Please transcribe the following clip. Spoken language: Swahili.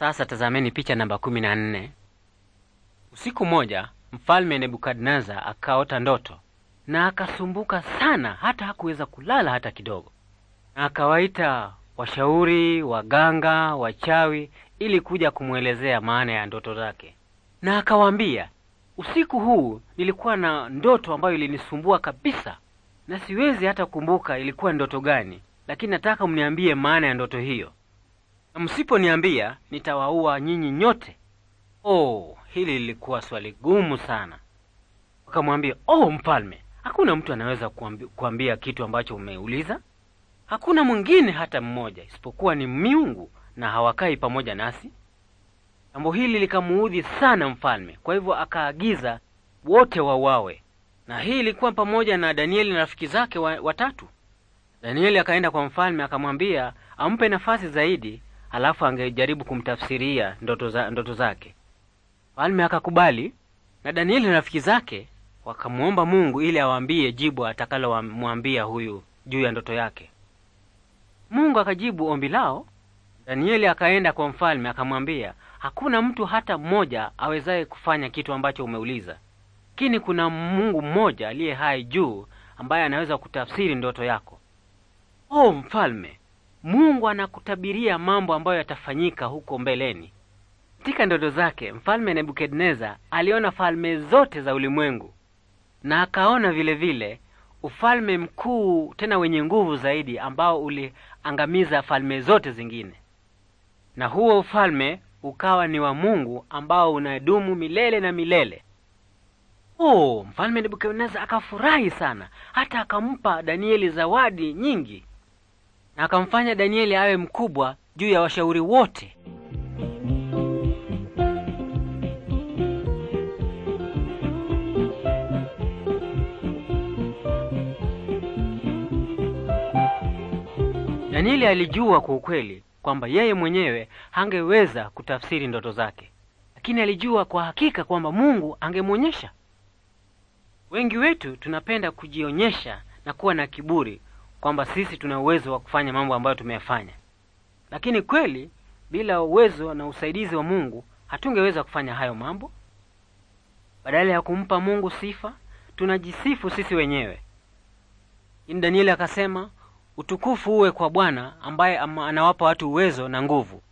Sasa tazameni picha namba 14. Usiku mmoja mfalme nebukadnezar akaota ndoto na akasumbuka sana, hata hakuweza kulala hata kidogo, na akawaita washauri, waganga, wachawi ili kuja kumwelezea maana ya ndoto zake, na akawaambia, usiku huu nilikuwa na ndoto ambayo ilinisumbua kabisa, na siwezi hata kumbuka ilikuwa ndoto gani, lakini nataka mniambie maana ya ndoto hiyo na msiponiambia nitawaua nyinyi nyote. Oh, hili lilikuwa swali gumu sana. Wakamwambia, oh mfalme, hakuna mtu anaweza kuambia, kuambia kitu ambacho umeuliza. Hakuna mwingine hata mmoja isipokuwa ni miungu na hawakai pamoja nasi. Jambo hili likamuudhi sana mfalme, kwa hivyo akaagiza wote wauawe, na hii ilikuwa pamoja na Danieli na rafiki zake watatu. Danieli akaenda kwa mfalme akamwambia ampe nafasi zaidi alafu angejaribu kumtafsiria ndoto, za, ndoto zake. Falme akakubali na Danieli na rafiki zake wakamwomba Mungu ili awaambie jibu atakalomwambia huyu juu ya ndoto yake. Mungu akajibu ombi lao. Danieli akaenda kwa mfalme akamwambia, hakuna mtu hata mmoja awezaye kufanya kitu ambacho umeuliza, lakini kuna Mungu mmoja aliye hai juu ambaye anaweza kutafsiri ndoto yako. O mfalme, Mungu anakutabiria mambo ambayo yatafanyika huko mbeleni. Katika ndoto zake mfalme Nebukadneza aliona falme zote za ulimwengu na akaona vilevile vile, ufalme mkuu tena wenye nguvu zaidi ambao uliangamiza falme zote zingine, na huo ufalme ukawa ni wa Mungu ambao unadumu milele na milele. Oh, mfalme Nebukadneza akafurahi sana, hata akampa Danieli zawadi nyingi na akamfanya Danieli awe mkubwa juu ya washauri wote. Danieli alijua kwa ukweli kwamba yeye mwenyewe hangeweza kutafsiri ndoto zake, lakini alijua kwa hakika kwamba Mungu angemwonyesha. Wengi wetu tunapenda kujionyesha na kuwa na kiburi kwamba sisi tuna uwezo wa kufanya mambo ambayo tumeyafanya, lakini kweli bila uwezo na usaidizi wa Mungu hatungeweza kufanya hayo mambo. Badala ya kumpa Mungu sifa, tunajisifu sisi wenyewe. Danieli akasema, utukufu uwe kwa Bwana ambaye anawapa watu uwezo na nguvu.